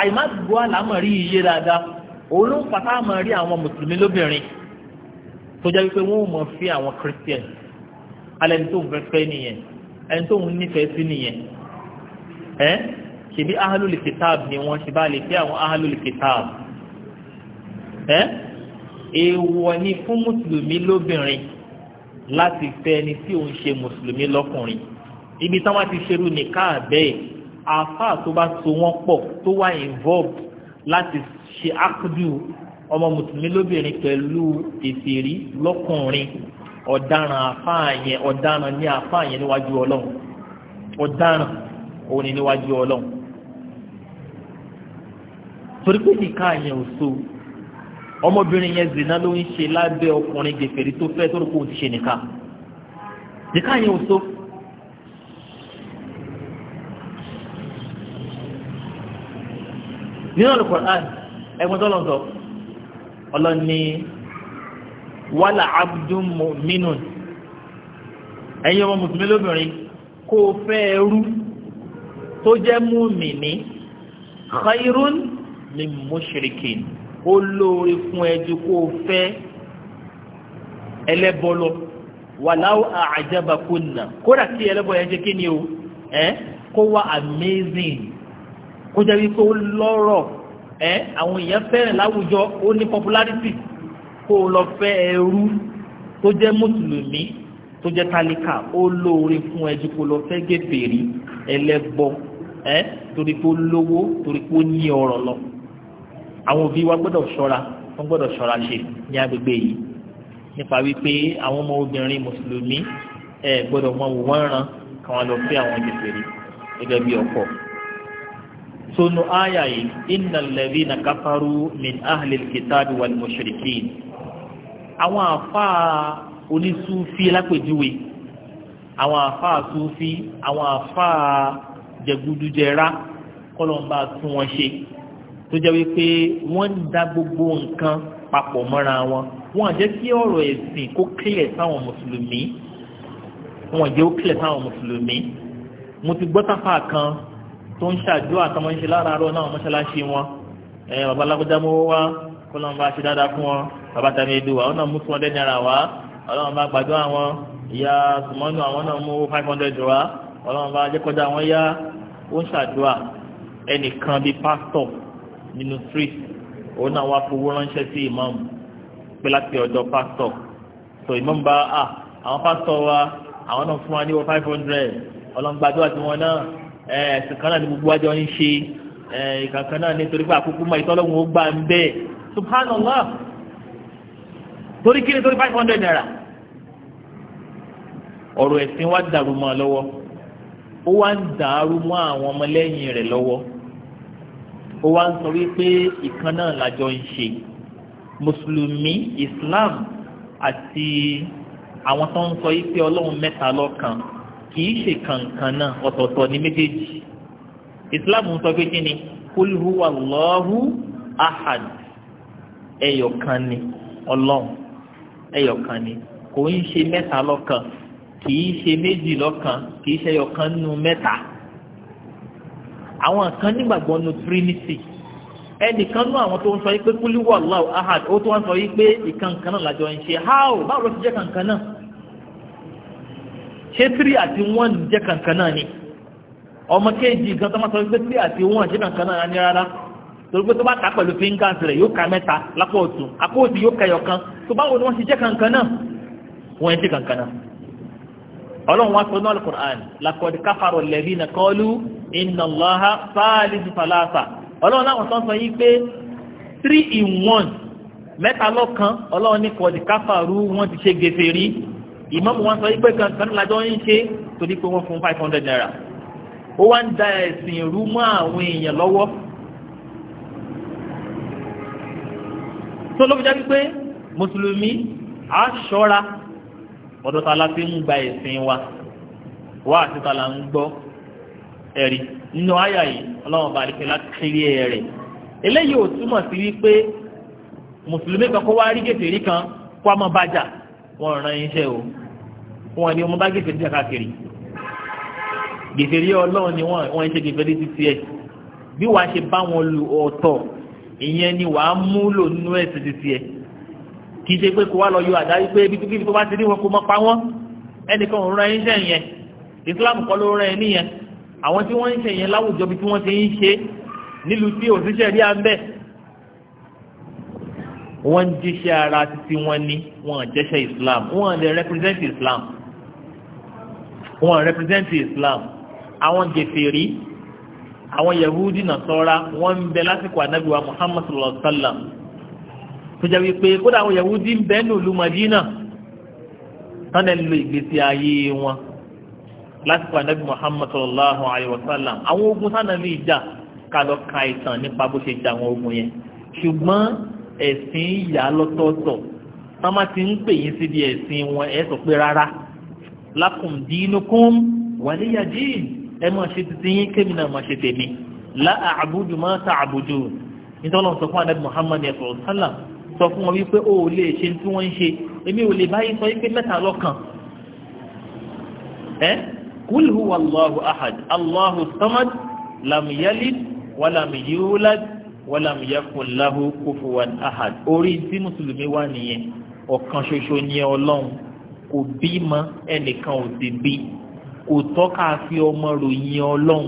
àyè má gbọ́ iye dáadáa òun ló fàtà máa rí àwọn mùsùlùmí lóbìnrin tó jẹ́ wípé wọ́n mọ̀ fi àwọn christian alẹ́ ní tó ń fẹ́ nìyẹn ẹni tó ń nífẹ̀ẹ́ sí nìyẹn ẹ́ ṣèbí ahalul kitab ni wọ́n ṣe bá lè fi àwọn ahalul kitab ẹ́ èèwọ̀ ni fún mùsùlùmí lóbìnrin láti fẹ́ ẹni tí òun ṣe mùsùlùmí lọ́kùnrin ibi táwọn ti ṣerú nìkan bẹ́ẹ̀ àáfàá tó bá so wọ́n pọ̀ tó wà involved láti ṣe ákúdù ọmọ mùsùlùmí lóbìnrin pẹ̀lú èfèrí lọ́kùnrin ọ̀daràn àfáàyẹ ọ̀daràn ní àfáàyẹ níwájú ọlọ́run ọ̀daràn òun níwájú ọlọ́run torí pé nìka yẹn ò so ọmọbìnrin yẹn zina ló ń ṣe lábẹ́ ọkùnrin gèfèrí tó fẹ́ tó rò pé òun ti ṣe nìka nìka yẹn ò nínú Al-Qur'an ẹ̀gbọ́n tó lọ́n sọ ọlọ́ni wàlà abdun mu'minun ẹ̀yin ọmọ mùsùlùmí lóbìnrin kó o fẹ́ ẹrú tó jẹ́ mùmìnì khairun min mushrikin ó lóore fún ẹjú kó o fẹ́ ẹlẹ́bọ lọ àjẹbàkúnà kódà kí ẹlẹ́bọ yẹn jẹ́ kí ni o ẹ́ kó wá amazing kó jẹ́ wípé ó lọ́rọ̀ ẹ́ àwọn èèyàn fẹ́ràn láwùjọ ó ní popularity kó o lọ fẹ́ ẹrú tó jẹ́ mùsùlùmí tó jẹ́ tálíkà ó lóore fún ẹ ju kó lọ fẹ́ gèfèrí ẹlẹ́bọ ẹ́ torí pé ó lówó torí pé ó ní ọrọ̀ lọ àwọn òbí wa gbọ́dọ̀ ṣọ́ra wọ́n gbọ́dọ̀ ṣọ́ra ṣe ní agbègbè yìí nípa wípé àwọn ọmọ obìnrin mùsùlùmí ẹ gbọ́dọ̀ mọ wọ́n ran káwọn lọ fẹ́ àwọn gèfèrí gẹ́gẹ́ bí ọkọ sonu aya yìí innal ladhina kafaru min ahlil kitabi wal mushrikin àwọn àfáà onísúfí lápèjúwe àwọn àfáà súfí àwọn àfáà jẹgúdújẹrá kọlọmbà tún wọn ṣe tó jẹ́ wípé wọ́n ń da gbogbo nǹkan papọ̀ mọ́ra wọn wọ́n jẹ́ kí ọ̀rọ̀ ẹ̀sìn kó kílẹ̀ sáwọn mùsùlùmí wọ́n jẹ́ ó kílẹ̀ sáwọn mùsùlùmí mo ti gbọ́ táfà kan tó ń ṣàdúrà àtọmọ ń ṣe láràárọ̀ náà mọ́ṣáláṣí wọn ẹ̀ bàbá wá kó lọ́n bá ṣe dáadáa fún wọn bàbá edu àwọn náà mú fún ọdẹ náírà wá ọlọ́run bá gbàdúrà wọn ìyá sùmọ́nù àwọn náà mú five hundred wá ọlọ́run bá jẹ́kọ́dá wọn yá ó ń ṣàdúrà ẹnìkan bíi pásítọ̀ nínú street òun náà wá fowó ránṣẹ́ sí ìmọ̀ọ́mù pé láti ọ̀dọ̀ pásítọ̀ so ìmọ̀ọ́mù bá àwọn pásítọ̀ wa àwọn náà fún wa ní five hundred ọlọ́run gbàdúrà tí wọn náà ẹ̀sìn kan náà ni gbogbo àjọ ń ṣe ìkànkan náà nítorí pé àkókò mọ ìtọ́lọ́hún ó gbà ń subhanallah tori kí ni torí five hundred naira ọ̀rọ̀ ẹ̀sìn wa dàrú mọ́ ọ lọ́wọ́ ó wá ń dàrú mọ́ àwọn ọmọlẹ́yìn rẹ̀ lọ́wọ́ ó wá ń sọ wípé ìkan làjọ ń ṣe mùsùlùmí islam àti àwọn tó ń sọ yìí pé ọlọ́run mẹ́ta lọ́kan kì í ṣe kankan náà ọ̀tọ̀ọ̀tọ̀ ní méjèèjì islam ń sọ pé kí ni qul huwa Allahu ahad ẹyọ̀kan ni ọlọ́run ẹyọ̀kan ni kò ń ṣe mẹ́ta lọ́kan kì í ṣe méjì lọ́kan kì í ṣe ẹyọ̀kan nínú mẹ́ta àwọn kan nígbàgbọ́ nu trinity ẹnìkan nú àwọn tó ń sọ yìí pé qul huwa Allahu ahad ó tó ń sọ yìí pé ìkankan náà làjọ ń ṣe how báwo ló ti jẹ́ kankan náà. ṣé ati àti one jẹ́ kankan náà ni ọmọ kéèjì nǹkan tó máa sọ pé three àti one jẹ́ kankan náà ni rárá torí pé tó bá pẹ̀lú fingers rẹ̀ yóò ka mẹ́ta lápò ọ̀tún àpò òsì yóò ka ẹyọ̀kan tó báwo ni wọ́n ṣe jẹ́ kankan náà wọ́n jẹ́ kankan náà ọlọ́run wá sọ ní alukur'an lakọ̀dí káfàrọ̀ lẹ́bí na iná lọ́ha falasa ọlọ́run sọ sọ yí pé in mẹ́ta ọlọ́run ní kọ̀dí wọ́n ti ṣe ìmáàmù wọn sọ yí pé kankan lájọ́ ń ṣe torí pé wọ́n fún five hundred naira ó wá ń da ẹ̀sìn ìrú mọ́ àwọn èèyàn lọ́wọ́ tó ló fi jẹ́ pé mùsùlùmí á ṣọ́ra ọ̀dọ̀ ta la fi ń gba ẹ̀sìn wa wá àti ta la ń gbọ́ ẹ̀rí nínú àyà yìí ọlọ́run bá rí pé láti kiri rẹ̀ eléyìí ò túmọ̀ sí wípé mùsùlùmí kan kó wá rí gètè rí kan kó a mọ̀ bájà wọ́n ràn iṣẹ́ o wọn ni ọmọ bá gèfè díẹ̀ káàkiri gèfè rí ọlọ́run ni wọ́n wọ́n ṣe gèfè rí títí ẹ̀ bí wàá ṣe bá wọn lu ọ̀tọ̀ ìyẹn ni wàá mú lò nínú ẹ̀sìn títí ẹ̀ kì í ṣe pé kó wá lọ yọ àdá wípé ibi tó kíbi tó bá ti rí wọn kó mọ pa wọn ẹnìkan ò rán iṣẹ́ yẹn Islam kọ́ ló rán ẹ níyẹn àwọn tí wọ́n ń ṣe yẹn láwùjọ bí tí wọ́n ti ń ṣe nílùú tí òṣìṣẹ́ rí à ń bẹ̀ wọ́n ń jíṣẹ́ ara títí wọ́n ní wọ́n jẹ́ṣẹ́ Islam wọ́n lè represent Islam wọn represent islam àwọn jẹfẹ̀rí àwọn yahudi nasọ́ra wọ́n ń bẹ lásìkò ànábì wa muhammad sallallahu alaihi wa sallam tó jẹ́ wípé kódà àwọn yahudi ń bẹ ní ìlú madina tán lè lo ìgbésí ayé wọn lásìkò ànábì muhammad sallallahu alaihi wa sallam àwọn ogun sànàbí ìjà kálọ̀ ka ìtàn nípa bó ṣe jà àwọn ogun yẹn ṣùgbọ́n ẹ̀sìn ìyá lọ́tọ̀ọ̀tọ̀ tán má ti ń pè yín síbi ẹ̀sìn wọn ẹ̀ sọ pé rárá lakum dinukum waliya din ẹ máa ṣe títí yín kémi náà máa ṣe tèmi la àbújú máa ta àbújú nítorí wọn sọ fún anabi muhammad ẹ̀fọ́ sálà sọ fún wọn wípé o ò lè ṣe tí wọ́n ń ṣe èmi ò lè báyìí sọ wípé mẹ́ta lọ́kàn ẹ́ kul huwa allahu ahad allahu samad lam yalid walam yulad walam ahad orí tí mùsùlùmí wà nìyẹn ọ̀kan ṣoṣo ni ọlọ́run kò bímọ ẹnìkan ò sì bí kò tọ́ka fi ọmọ ròyìn ọlọ́run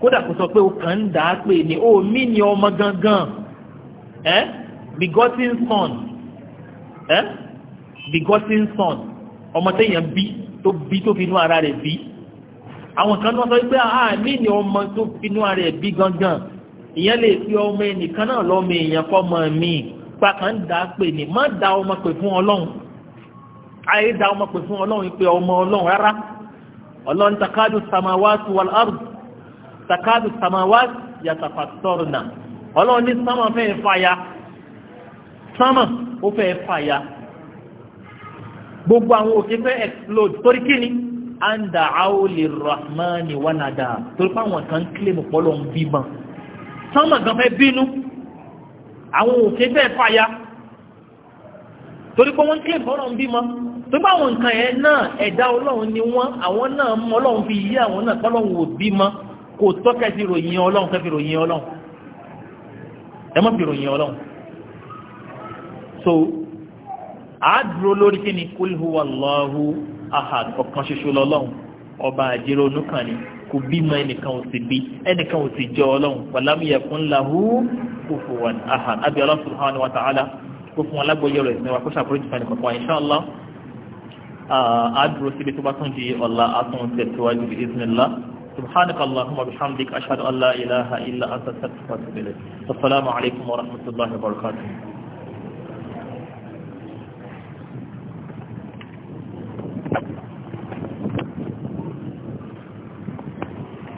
kódà kò sọ pé o kàn ń dà á pé ni o mí ni ọmọ gangan ẹ begotten son ẹ begotten son ọmọ téèyàn bí tó bí tó fi inú ara rẹ̀ bí àwọn kan náà sọ pé a mí ni ọmọ tó fi inú ara rẹ̀ bí gangan ìyẹn lè fi ọmọ ẹnìkan náà lọ́mọ èèyàn kọ́ ọmọ mi pa kàn dà á pé ni má da ọmọ pè fún ọlọ́run ayé da ọmọ pè fún ọlọ́run pé ọmọ ọlọ́run rárá ọlọ́run takadu samawati wal ard takadu samawati yatafattarna ọlọ́run ní sámà fẹ́ fàya sámà ó fẹ́ fàya gbogbo àwọn òkè fẹ́ explode torí kí ni anda aoli rahmani wanada torí pé àwọn kan kílèmù pọ́lọ́ ń bímọ sámà gan fẹ́ bínú àwọn òkè fẹ́ fàya torí pé wọ́n kílèmù pọ́lọ́ ń bímọ tó bá àwọn nǹkan yẹn náà ẹ̀dá ọlọ́run ni wọ́n àwọn náà mọ ọlọ́run fi yí àwọn náà kọ́lọ́run ò bí mọ́ kò tọ́kẹ́ sí ròyìn ọlọ́run kẹ́ fi ròyìn ọlọ́run ẹ mọ́ fi ròyìn ọlọ́run so àádúró lórí kí ni kul huwa Allahu ahad ọ̀kan ṣoṣo lọ́lọ́run ọba àjẹrò onúkan ni kò bímọ ẹnìkan ò sì bí ẹnìkan ò sì jẹ ọlọ́run walam yakun lahu kufuwan ahad abiyallahu subhanahu wa ta'ala kó fún alágbóyè rẹ̀ ní àádúró síbi tó bá tún di ọ̀la àtún bí سبحانك اللهم وبحمدك أشهد أن لا إله إلا أنت أستغفرك وأتوب إليك والسلام عليكم ورحمة الله وبركاته